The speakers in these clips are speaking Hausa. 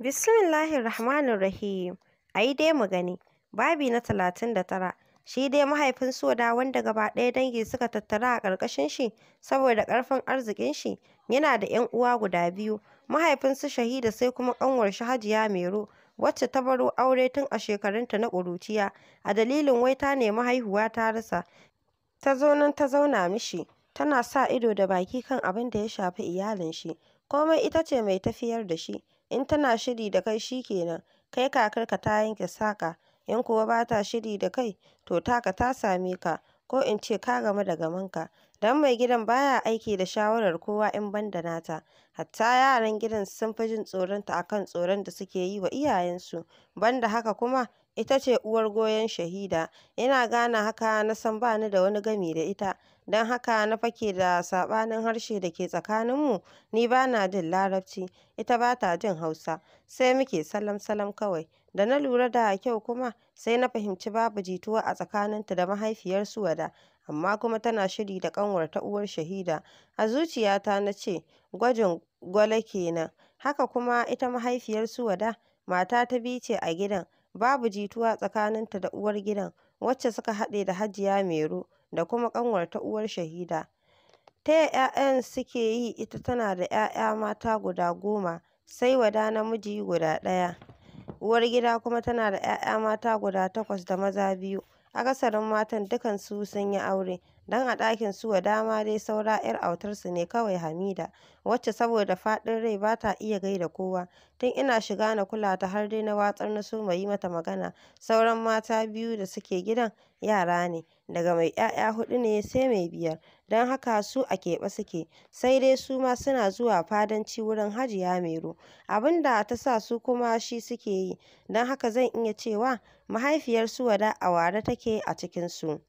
Bismillahir Rahmanir Rahim. Ai dai mu gani. Babi na talatin da tara. Shi dai mahaifin Soda wanda gaba ɗaya dangi suka tattara a ƙarƙashin shi saboda ƙarfin arzikin shi, yana da 'yan uwa guda biyu. mahaifin su Shahida sai kuma ƙanwar shi Hajiya mero wacce ta baro aure tun a shekarunta na ƙuruciya a dalilin wai ta nemi haihuwa ta rasa. Ta zo nan ta zauna mishi, tana sa ido da baki kan abin da ya shafi iyalin shi. Komai ita ce mai tafiyar da shi. In tana shiri da kai shi kenan, kai kakarka ta yanke saƙa, in kuwa ba ta shiri da kai, to taka ta same ka, ko in ce ka gamu da gamonka, don mai gidan ba ya aiki da shawarar kowa in banda nata, hatta yaran gidan sun fi jin tsoronta a kan tsoron da suke yi wa iyayensu, banda haka kuma Ita ce uwar goyon shahida, ina gane haka na san ba ni da wani gami da ita, don haka na fake da saɓanin harshe da ke tsakaninmu, ni ba na jin Larabci, ita ba ta jin Hausa, sai muke salam-salam kawai, da na lura da kyau kuma, sai na fahimci babu jituwa a tsakaninta da mahaifiyar Suwaida, amma kuma tana shiri da ƙanwarta uwar shahida, a zuciyata na ce, gwajin gwale kenan, haka kuma ita mahaifiyar Suwaida, mata ta biyu ce a gidan. Babu jituwa tsakaninta da uwargidan, wacce suka haɗe da Hajiya Mairo da kuma ƙanwarta uwar Shahida. Taya 'ya'yan suke yi ita tana da 'ya'ya mata guda goma, sai wada namiji guda ɗaya. Uwargida kuma tana da 'ya'ya mata guda takwas da maza biyu. Akasarin matan dukansu sun yi aure. don a ɗakin su Wada ma dai saura 'yar autarsu ne kawai Hamida, wacce saboda faɗin rai ba ta iya gaida kowa, tun ina shiga na kula ta har dai na watsar na soma yi mata magana, sauran mata biyu da suke gidan yara ne, daga mai 'ya'ya huɗu ne sai mai biyar, don haka su a keɓe suke, sai dai su ma suna zuwa fadanci wurin Hajiya Mairo, abin da ta sa su kuma shi suke yi, don haka zan iya cewa mahaifiyar su Wada a ware take a cikinsu.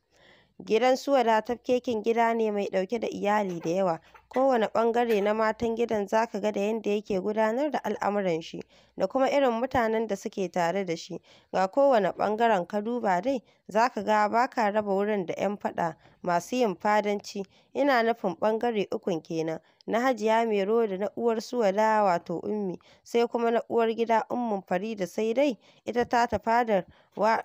Gidan su Wada kekin gida ne mai ɗauke da iyali da yawa, kowane ɓangare na matan gidan za ka ga da yanda yake gudanar da al'amuran shi da kuma irin mutanen da suke tare da shi, ga kowane ɓangaren ka duba dai za ka ga ba ka raba wurin da 'yan faɗa, masu yin fadanci, ina nufin ɓangare ukun kenan, na Hajiya Mero da na uwar su Wada wato Ummi, sai kuma na uwar gida Ummun Farida sai dai ita tata fadar wa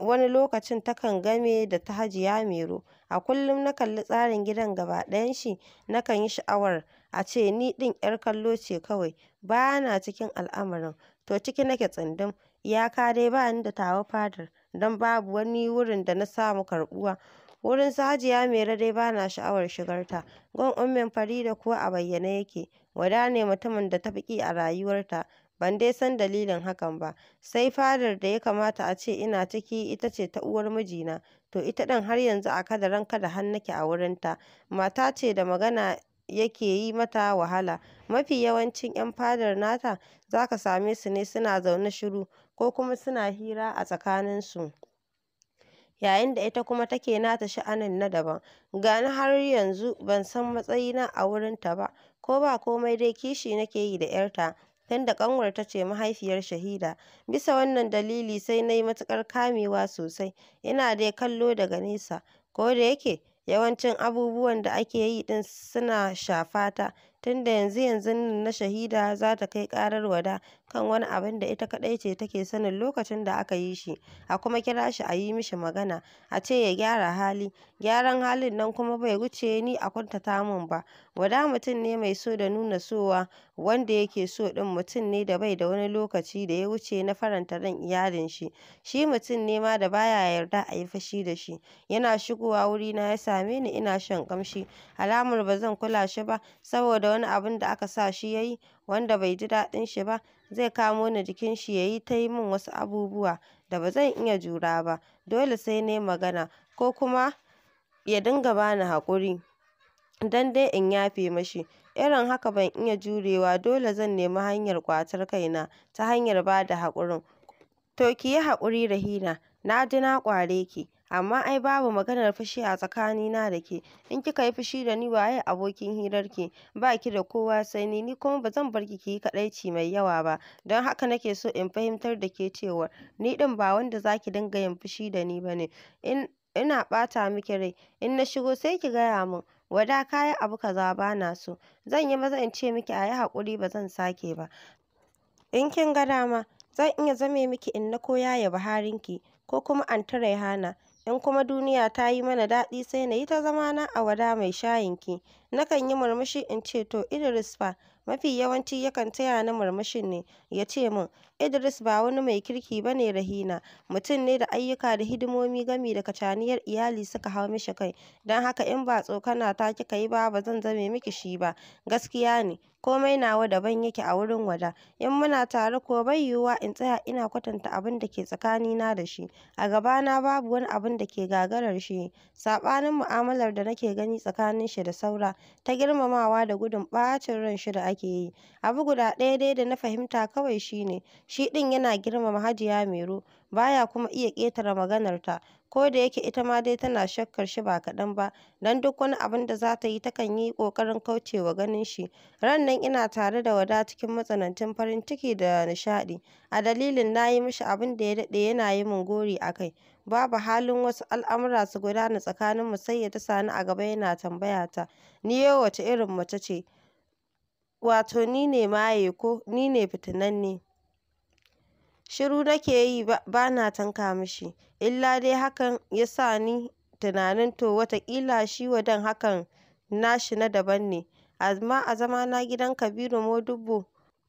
wani lokacin takan game da ta Hajiya Mairo. A kullum na kalli tsarin gidan gaba ɗayan shi, nakan yi sha'awar a ce ni ɗin 'yar kallo ce kawai, ba na cikin al'amarin, to ciki nake tsundum, iyaka dai ba ni da tawa fadar, don babu wani wurin da na samu karbuwa? Wurin su Hajiya Mairo dai ba na sha'awar shigarta, gun Ummin Farida kuwa a bayyane yake, wada ne mutumin da ta fi a rayuwarta. Ban dai san dalilin hakan ba, sai fadar da ya kamata a ce ina ciki ita ce ta uwar mijina, to ita ɗin har yanzu a kada kada har nake a wurinta, mata ce da magana yake yi mata wahala, mafi yawancin 'yan fadar nata za ka same su ne suna zaune shiru ko kuma suna hira a tsakaninsu. yayin da ita kuma take nata sha'anin na daban. Ga har yanzu ban san matsayina a wurinta ba, ko ba komai dai kishi nake yi da 'yarta. tunda ƙanwarta ce mahaifiyar Shahida. Bisa wannan dalili sai na yi matuƙar kamewa sosai, ina dai kallo daga nesa. Ko da yake yawancin abubuwan da ake yi din suna shafata Tun da yanzu yanzu nan na shahida za ta kai ƙarar Wada kan wani abin da ita kaɗai ce take sanin lokacin da aka yi shi, a kuma kira shi a yi mishi magana, a ce ya gyara hali, gyaran halin nan kuma bai wuce ni a kuntata min ba. Wada mutum ne mai so da nuna sowa, wanda yake so ɗin mutum ne da bai da wani lokaci da ya wuce na faranta ran iyalin shi, shi mutum ne ma da baya yarda a yi fushi da shi, yana shigowa wurina ya same ni ina shan kamshi. alamar ba zan kula shi ba saboda wani abun da aka sa shi ya yi wanda bai ji daɗin shi ba, zai kamo ni jikin shi ya yi ta yi min wasu abubuwa da ba zan iya jura ba, dole sai ne magana ko kuma ya dinga bani ni haƙuri don dai in yafe mashi. Irin haka ban iya jurewa, dole zan nemi hanyar ƙwatar kaina ta hanyar ba da haƙurin. To ki yi haƙuri Rahina, na ji na ƙware ki. Amma ai babu maganar fushi a tsakanina da ke, in kika yi fushi da ni waye abokin hirarki? Ba ki da kowa sai ni, ni kuma ba zan bar ki ki yi kadaici mai yawa ba. Don haka nake so in fahimtar da ke cewa ni din ba wanda za ki dinga yin fushi da ni ba ne. Ina ɓata miki rai, in na shigo sai ki gaya min. Wada ka yi abu kaza ba na so. Zan yi maza in ce miki a yi haƙuri ba zan sake ba. In kin ga dama, zan iya zame miki in koya ya yaya ki ko kuma ta Raihana. In kuma duniya ta yi mana daɗi sai na yi ta zamana a wada mai shayin shayinki. Nakan yi murmushi in ce to Idris fa, mafi yawanci yakan taya ni murmushin ne, ya ce min, Idris ba wani mai kirki ba ne Rahina, mutum ne da ayyuka da hidimomi gami da kacaniyar iyali suka hau mishi kai, don haka in ba tsokana ta kika yi ba ba zan zame miki shi ba, gaskiya ne. komai nawa daban yake a wurin Wada, in muna tare ko bai yiwuwa in tsaya ina kwatanta abin da ke tsakanina da shi, a gabana babu wani abin da ke gagarar shi, saɓanin mu'amalar da nake gani tsakanin shi da saura, ta girmamawa da gudun ɓacin ran shi da ake yi, abu guda ɗaya dai da na fahimta kawai shine. shi ɗin yana girmama Hajiya Mairo, baya kuma iya ƙetare maganarta. ko da yake ita ma dai tana shakkar shi ba kaɗan ba don duk wani abin da za ta yi ta kan yi ƙoƙarin kaucewa ganin shi. Ran nan ina tare da Wada cikin matsanancin farin ciki da nishaɗi, a dalilin na yi mishi abin da ya daɗe yana yi min gori a kai. Babu halin wasu al'amura su gudana tsakaninmu sai ya ta sani a gaba yana tambaya ta, ni yau wace irin mace ce? Wato ni ne maye ko ni ne fitinanne? shiru nake yi ba na tanka mishi, illa dai hakan ya sa ni tunanin to watakila shi Wadan hakan nashi na daban ne, amma a zama na gidan Kabiru modubbo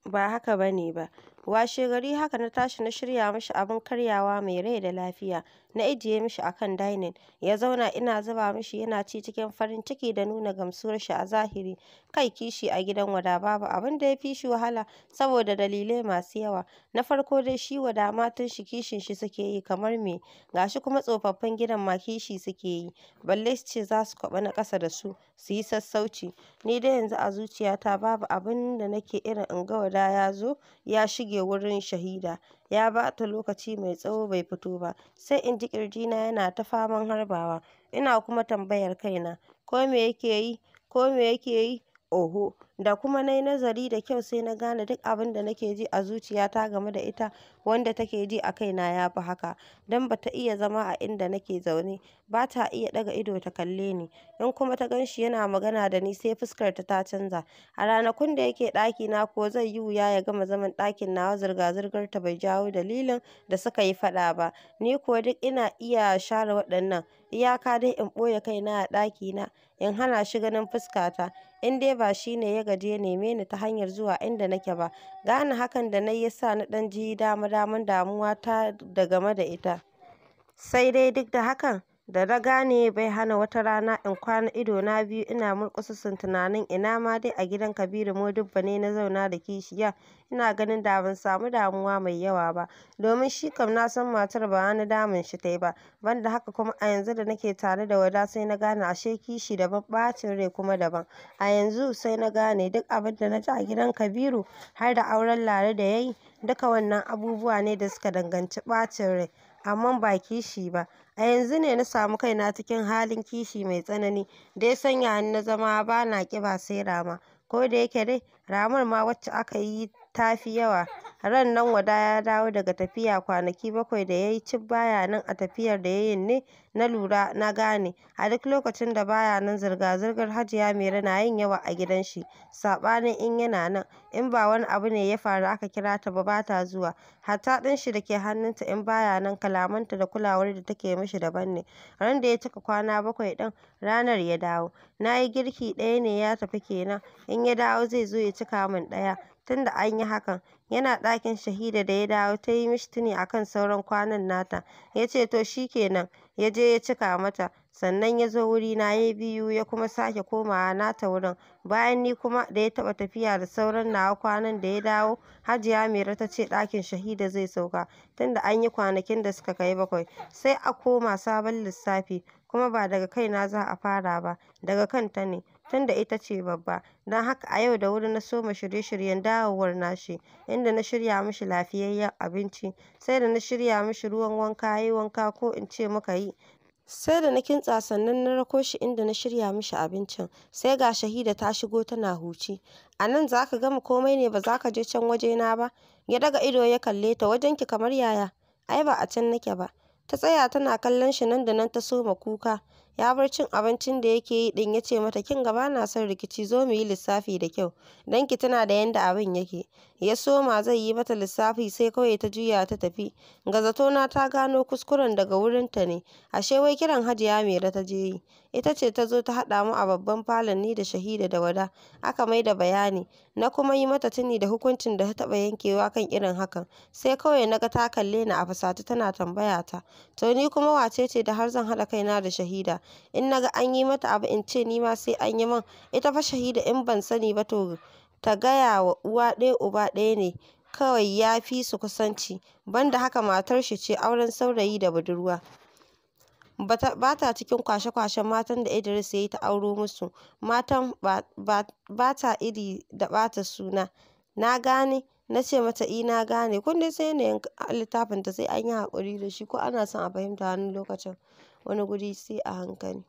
ba haka bane ba. washe gari haka na tashi na shirya mashi abin karyawa mai rai da lafiya, na ajiye mashi a kan dining, ya zauna ina zuba mashi yana ci cikin farin ciki da nuna gamsuwar shi a zahiri. Kai kishi a gidan wada babu abin da ya fi shi wahala saboda dalilai masu yawa. Na farko dai shi wada matan shi kishin shi suke yi kamar me, ga shi kuma tsofaffin gidan ma kishi suke yi, balle su ce za su kwaɓa na ƙasa da su, su yi sassauci. Ni dai yanzu a zuciyata babu abin da nake irin in ga wada ya zo ya shige. shige wurin Shahida, ya bata lokaci mai tsawo bai fito ba, sai in ji kirjina yana ta faman harbawa, ina kuma tambayar kaina, ko me yake yi, ko me yake yi? oho da kuma na nazari da kyau sai na gane duk abin da nake ji a zuciyata game da ita wanda take ji a kaina ya fi haka don ba ta iya zama a inda nake zaune ba ta iya ɗaga ido ta kalle ni in kuma ta ganshi yana magana da ni sai fuskarta ta canza a ranakun da yake ɗakina ko zai yi wuya ya gama zaman ɗakin nawa zirga-zirgar ta bai jawo dalilin da suka yi faɗa ba ni kuwa duk ina iya share waɗannan iyaka dai in ɓoye kaina a ɗakina in hana shi ganin fuskata in dai ba shi ne ya gaji ya neme ni ta hanyar zuwa inda nake ba gane hakan da na yi sa na ɗan ji dama-daman damuwa ta da game da ita sai dai duk da hakan da na gane bai hana wata rana in kwana idona biyu ina murƙusassun tunanin ina ma dai a gidan Kabiru modibba ne na zauna da kishiya ina ganin da ban samu damuwa mai yawa ba domin shi kam na san matar ba wani damun shi tai ba banda haka kuma a yanzu da nake tare da wada sai na gane ashe kishi daban ɓacin rai kuma daban a yanzu sai na gane duk abin da na ji a gidan Kabiru har da auren Lare da yayi duka wannan abubuwa ne da suka danganci ɓacin rai amma ba kishi ba. A yanzu ne na samu kaina cikin halin kishi mai tsanani da ya sanya ni na zama ba na ƙiba sai rama, ko da yake dai ramar ma wacce aka yi ta fi yawa. Ran nan Wada ya dawo daga tafiya kwanaki bakwai da ya yi cif baya nan a tafiyar da ya yin ne na lura na gane, a duk lokacin da baya nan zirga-zirgar Hajiya Mairo na yin yawa a gidan shi, saɓanin in yana nan, in ba wani abu ne ya faru aka kira ta ba ba ta zuwa, hatta ɗan shi da ke hannunta in baya nan kalamanta da kulawar da take mishi daban ne, ran da ya cika kwana bakwai ɗin, ranar ya dawo, na yi girki ɗaya ne ya tafi kenan. in ya dawo zai zo ya cika min ɗaya. tunda an yi hakan, yana ɗakin Shahida da ya dawo ta yi mishi tuni a sauran kwanan nata, ya ce to shi kenan, ya je ya cika mata, sannan ya zo wurina ya yi biyu ya kuma sake komawa nata wurin, bayan ni kuma da ya taɓa tafiya da sauran nawa kwanan da ya dawo, Hajiya Mairo ta ce ɗakin Shahida zai sauka, tunda an yi kwanakin da suka kai bakwai, sai a koma sabon lissafi, kuma ba daga kaina za a fara ba, daga kanta ne. tunda ita ce babba, don haka a yau da wuri na soma shirye-shiryen dawowar nashi, inda na shirya mishi lafiyayyen abinci, sai da na shirya mishi ruwan wanka yayi wanka ko in ce muka yi, sai da na kintsa sannan na rako shi inda na shirya mishi abincin, sai ga Shahida ta shigo tana huci. A nan za ka gama komai ne ba za ka je can waje na ba? Ya ɗaga ido ya kalle ta, wajen ki kamar yaya? Ai ba a can nake ba. Ta tsaya tana kallon shi nan da nan ta soma kuka. ya bar cin abincin da yake yi din ya ce mata kin gaba na son rikici zo mu yi lissafi da kyau don ki tana da yanda abin yake ya soma zai yi mata lissafi sai kawai ta juya ta tafi ga na ta gano kuskuren daga wurin ta ne ashe wai kiran hajiya mera ta je yi ita ce ta zo ta haɗa mu a babban falon ni da shahida da wada aka mai da bayani na kuma yi mata tuni da hukuncin da ta taɓa yankewa kan irin hakan sai kawai na ga ta kalle ni a fasati tana tambaya ta to ni kuma wace ce da har zan haɗa kaina da shahida in naga an yi mata abu in ce ni ma sai an yi min ita fa shahida in ban sani ba to ta gaya wa uwa ɗaya uba ɗaya ne kawai ya fi su kusanci banda haka matar shi ce auren saurayi da budurwa ba ta cikin kwashe-kwashen matan da Idris ya yi ta auro musu matan ba ta iri da bata suna na gane na ce mata i na gane kun dai sai yanayin littafin ta sai an yi haƙuri da shi ko ana son a fahimta wani lokacin wani guri sai a hankali.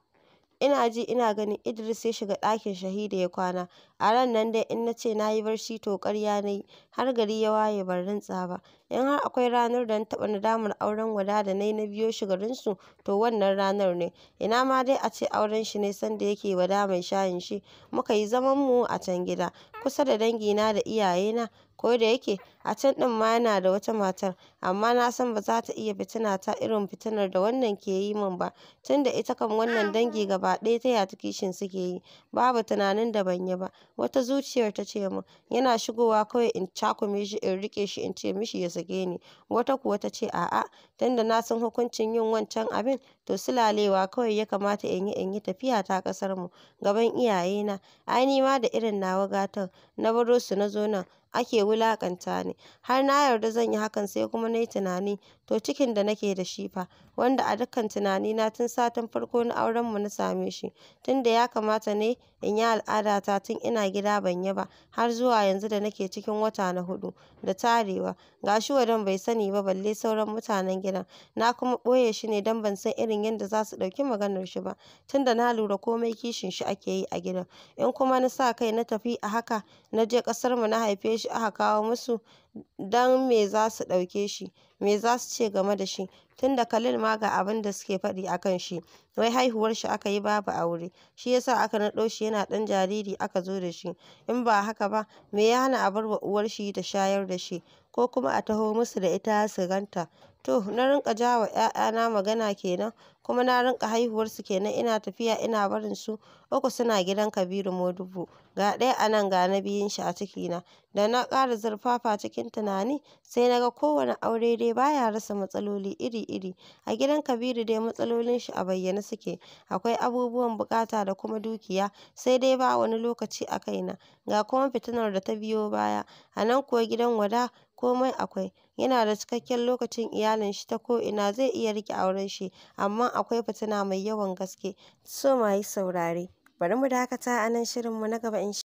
Ina ji ina ganin Idris ya shiga ɗakin Shahida ya kwana. A ran nan dai in na ce na yi barci to ƙarya na yi, har gari ya waye ban rintsa ba. In har akwai ranar da na taɓa nadamar auren wada da na yi na biyo shi garinsu, to wannan ranar ne. Ina ma dai a ce auren shi ne sanda yake wada mai shayin shi, muka yi zaman mu a can gida, kusa da dangi na da iyayena. Ko da yake a can ɗin ma yana da wata matar, amma na san ba za ta iya fitina ta irin fitinar da wannan ke yi min ba, tunda ita kan wannan dangi gaba ɗaya ta yata kishin suke yi. Babu tunanin da ban yi ba, wata zuciyar ta ce min, yana shigowa kawai in cakume shi in riƙe shi in ce mishi ya saki. sake ni, wata kuwa ta ce a'a, tunda na san hukuncin yin wancan abin, to sulalewa kawai ya kamata in yi in yi tafiya ta ƙasarmu, gaban iyayena, ai ni ma da irin nawa gatan, na baro su na zo nan, ake wulaƙanta ne har na yarda zan yi hakan sai kuma na yi tunani, to cikin da nake da shi fa, wanda a dukkan tunanina tun satin farko na auren mu na same shi, tunda ya kamata ne in yi al'adata tun ina gida ban yi ba har zuwa yanzu da nake cikin wata na hudu, da tarewa. Ga shi wadon bai sani ba balle sauran mutanen gidan, na kuma ɓoye shi ne don ban san irin yadda za su ɗauki maganar shi ba, tunda na lura komai kishin shi ake yi a gidan. In kuma na sa kai na tafi a haka na je ƙasarmu na haife shi aka kawo musu, don me za su ɗauke shi. me za su ce game da shi Tun da Khalil ma ga abin da suke faɗi a kan shi wai haihuwar shi aka yi babu aure shi yasa aka naɗo shi yana ɗan jariri aka zo da shi in ba haka ba me ya hana a bar wa uwar shi ta shayar da shi ko kuma a taho musu da ita su ganta To, na rinƙa ja wa ‘ya'yana magana kenan kuma na rinƙa haihuwar su kenan ina tafiya ina barin su, uku suna gidan Kabiru Modibo, ga ɗaya a nan ga na shi a ciki na Da na ƙara zurfafa cikin tunani, sai na ga kowane aure dai baya rasa matsaloli iri-iri. A gidan Kabiru dai matsalolin shi a bayyane suke, akwai abubuwan buƙata da kuma dukiya, sai dai ba wani lokaci a kaina, ga kuma fitinar da ta biyo baya. A nan kuwa gidan Wada komai akwai, yana da cikakken lokacin iyalin shi ta ko'ina zai iya riƙe auren shi, amma akwai fitina mai yawan gaske. So mayi saurare, bari mu dakata a nan shirinmu na gaba in sha.